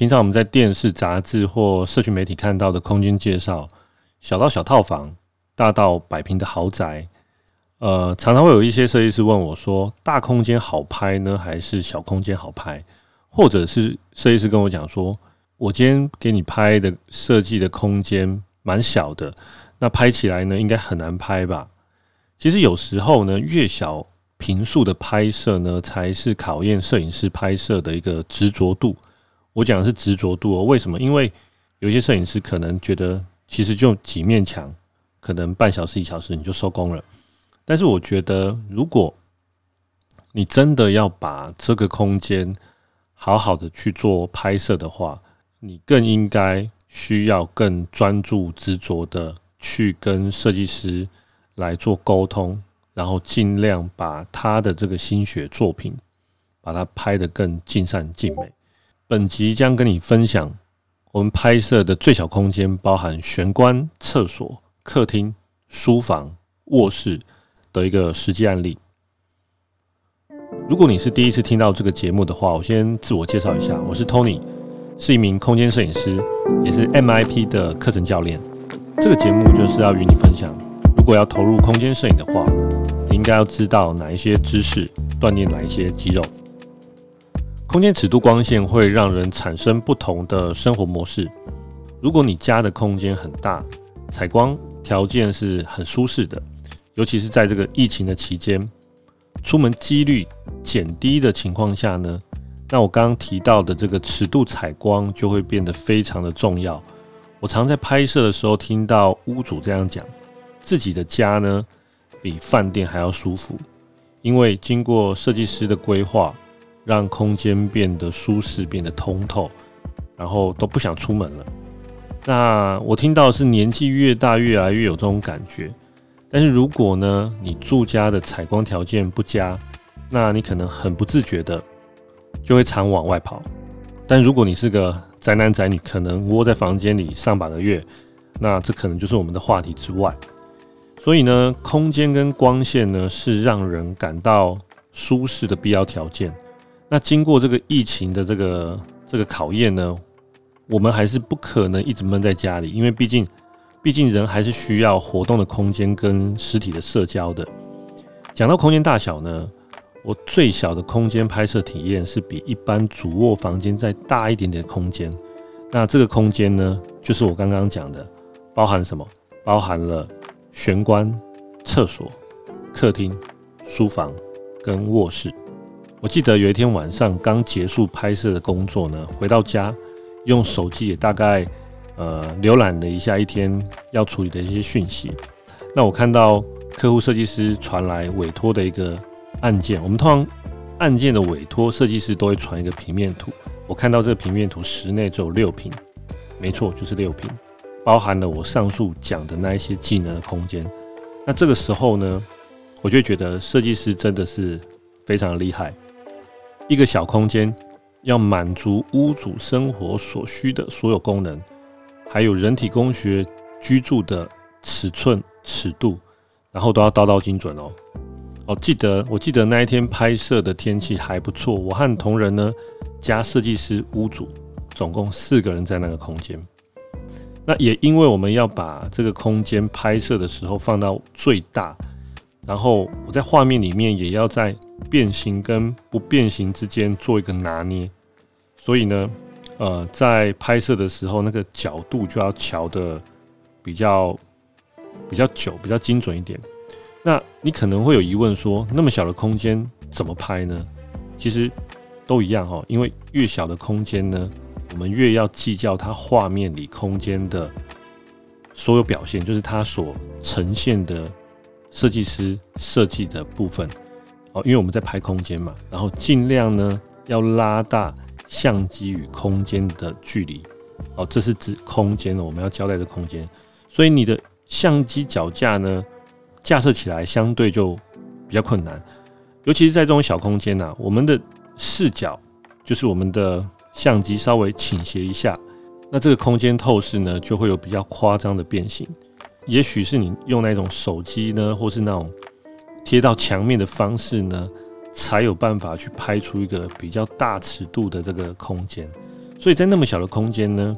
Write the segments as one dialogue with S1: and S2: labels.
S1: 平常我們在電視、雜誌或社群媒體看到的空間介紹，小到小套房，大到百平的豪宅，呃，常常會有一些設計師問我說：“大空間好拍呢，還是小空間好拍？”或者是設計師跟我講說：“我今天給你拍的設計的空間蠻小的，那拍起來呢，應該很難拍吧？”其實有時候呢，越小坪數的拍攝呢，才是考驗攝影師拍攝的一個執着度。我講的是執著度喔，為什麼？因為有些攝影師可能覺得，其實就幾面牆，可能半小時一小時你就收工了。但是我覺得，如果你真的要把這個空間好好的去做拍攝的話，你更應該需要更專注、執着的去跟設計師來做溝通，然後盡量把他的這個心血作品，把它拍得更盡善盡美。本集將跟你分享我們拍攝的最小空間，包含玄關、廁所、客廳、書房、臥室的一個實際案例。如果你是第一次聽到這個節目的話，我先自我介紹一下，我是 Tony，是一名空間攝影師，也是 MIP 的課程教練。這個節目就是要與你分享，如果要投入空間攝影的話，你應該要知道哪一些知識，鍛鍊哪一些肌肉。空間尺度、光線會讓人產生不同的生活模式。如果你家的空間很大，採光條件是很舒適的，尤其是在這個疫情的期間，出門幾率減低的情況下呢，那我剛剛提到的這個尺度採光就會變得非常的重要。我常在拍攝的時候聽到屋主這樣講，自己的家呢比飯店還要舒服，因為經過設計師的規劃。讓空間變得舒適，變得通透，然後都不想出門了。那我聽到的是年紀越大，越來越有這種感覺。但是如果呢，你住家的採光條件不佳，那你可能很不自覺的就會常往外跑。但如果你是個宅男宅女，可能窩在房間裡上半個月，那這可能就是我們的話題之外。所以呢，空間跟光線呢，是讓人感到舒適的必要條件。那經過這個疫情的這個這個考驗呢，我們還是不可能一直悶在家裡，因為畢竟，畢竟人還是需要活動的空間跟實體的社交的。講到空間大小呢，我最小的空間拍攝體驗是比一般主臥房間再大一點點的空間。那這個空間呢，就是我剛剛講的，包含什麼？包含了玄關、廁所、客廳、書房跟臥室。我記得有一天晚上剛結束拍攝的工作呢，回到家，用手機也大概呃瀏覽了一下一天要處理的一些訊息。那我看到客戶設計師傳來委託的一個案件，我們通常案件的委託設計師都會傳一個平面圖。我看到這個平面圖室內只有六坪，沒錯，就是六坪，包含了我上述講的那一些技能的空間。那這個時候呢，我就覺得設計師真的是非常厲害。一個小空間，要滿足屋主生活所需的所有功能，還有人體工學居住的尺寸尺度，然後都要刀刀精準哦。哦，記得，我記得那一天拍攝的天氣還不錯，我和同仁呢，加設計師屋主，總共四個人在那個空間。那也因為我們要把這個空間拍攝的時候放到最大。然後我在畫面裡面也要在變形跟不變形之間做一個拿捏，所以呢，呃，在拍攝的時候那個角度就要調得比較比較久，比較精準一點。那你可能會有疑問說，那麼小的空間怎麼拍呢？其實都一樣哈、喔，因為越小的空間呢，我們越要計較它畫面裡空間的所有表現，就是它所呈現的。設計師設計的部分，哦，因為我們在拍空間嘛，然後盡量呢要拉大相機與空間的距離，哦，這是指空間的，我們要交代的空間，所以你的相機腳架呢架設起來相對就比較困難，尤其是在這種小空間吶，我們的視角就是我們的相機稍微傾斜一下，那這個空間透視呢就會有比較誇張的變形。也許是你用那種手機呢，或是那種貼到牆面的方式呢，才有辦法去拍出一個比較大尺度的這個空間。所以在那麼小的空間呢，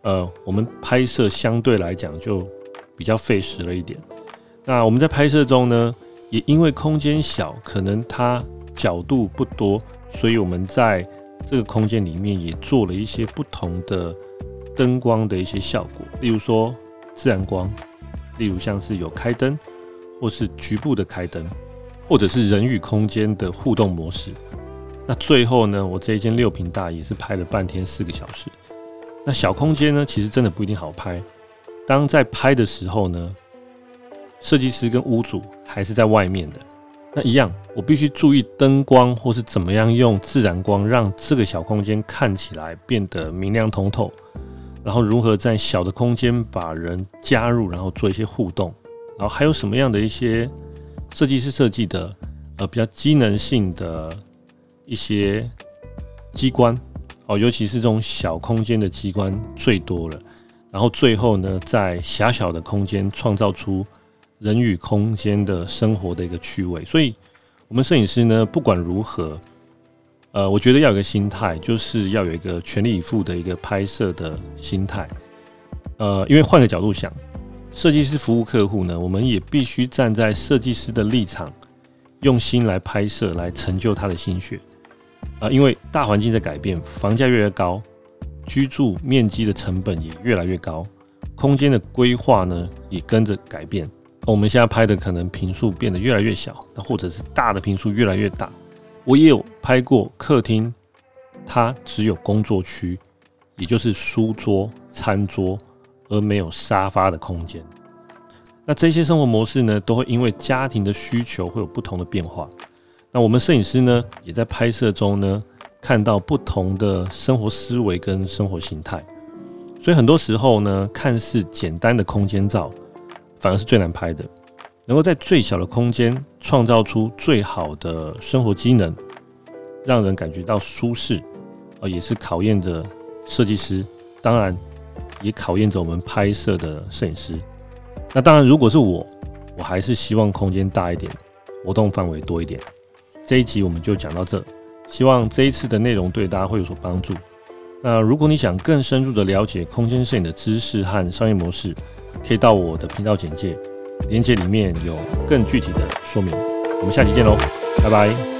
S1: 呃，我們拍攝相對來講就比較費時了一點。那我們在拍攝中呢，也因為空間小，可能它角度不多，所以我們在這個空間裡面也做了一些不同的燈光的一些效果，例如說自然光。例如像是有開燈，或是局部的開燈，或者是人與空間的互動模式。那最後呢，我這一間六坪大也是拍了半天四個小時。那小空間呢，其實真的不一定好拍。當在拍的時候呢，設計師跟屋主還是在外面的。那一樣，我必須注意燈光或是怎麼樣用自然光，讓這個小空間看起來變得明亮通透。然後如何在小的空間把人加入，然後做一些互動，然後還有什麼樣的一些設計師設計的呃比較機能性的一些機關，哦，尤其是這種小空間的機關最多了。然後最後呢，在狹小的空間創造出人與空間的生活的一個趣味。所以我們攝影師呢，不管如何，呃，我覺得要有個心態，就是要有一個全力以赴的一個拍攝的心態。呃，因為換個角度想，設計師服務客戶呢，我們也必須站在設計師的立場，用心來拍攝，來成就他的心血。啊、呃，因為大環境在改變，房價越來越高，居住面積的成本也越來越高，空間的規劃呢也跟着改變。我們現在拍的可能坪數變得越來越小，那或者是大的坪數越來越大。我也有拍過客廳，它只有工作區，也就是書桌、餐桌，而沒有沙發的空間。那這些生活模式呢，都會因為家庭的需求會有不同的變化。那我們攝影師呢，也在拍攝中呢，看到不同的生活思維跟生活形態。所以很多時候呢，看似簡單的空間照，反而是最難拍的。能夠在最小的空間，創造出最好的生活機能，讓人感覺到舒適，啊、呃，也是考驗着設計師，當然也考驗着我們拍攝的攝影師。那當然，如果是我，我還是希望空間大一點，活動範圍多一點。這一集我們就講到這，希望這一次的內容對大家會有所幫助。那如果你想更深入的了解空間攝影的知識和商業模式，可以到我的頻道簡介。連結裡面有更具體的說明，我們下期見嘍，拜拜。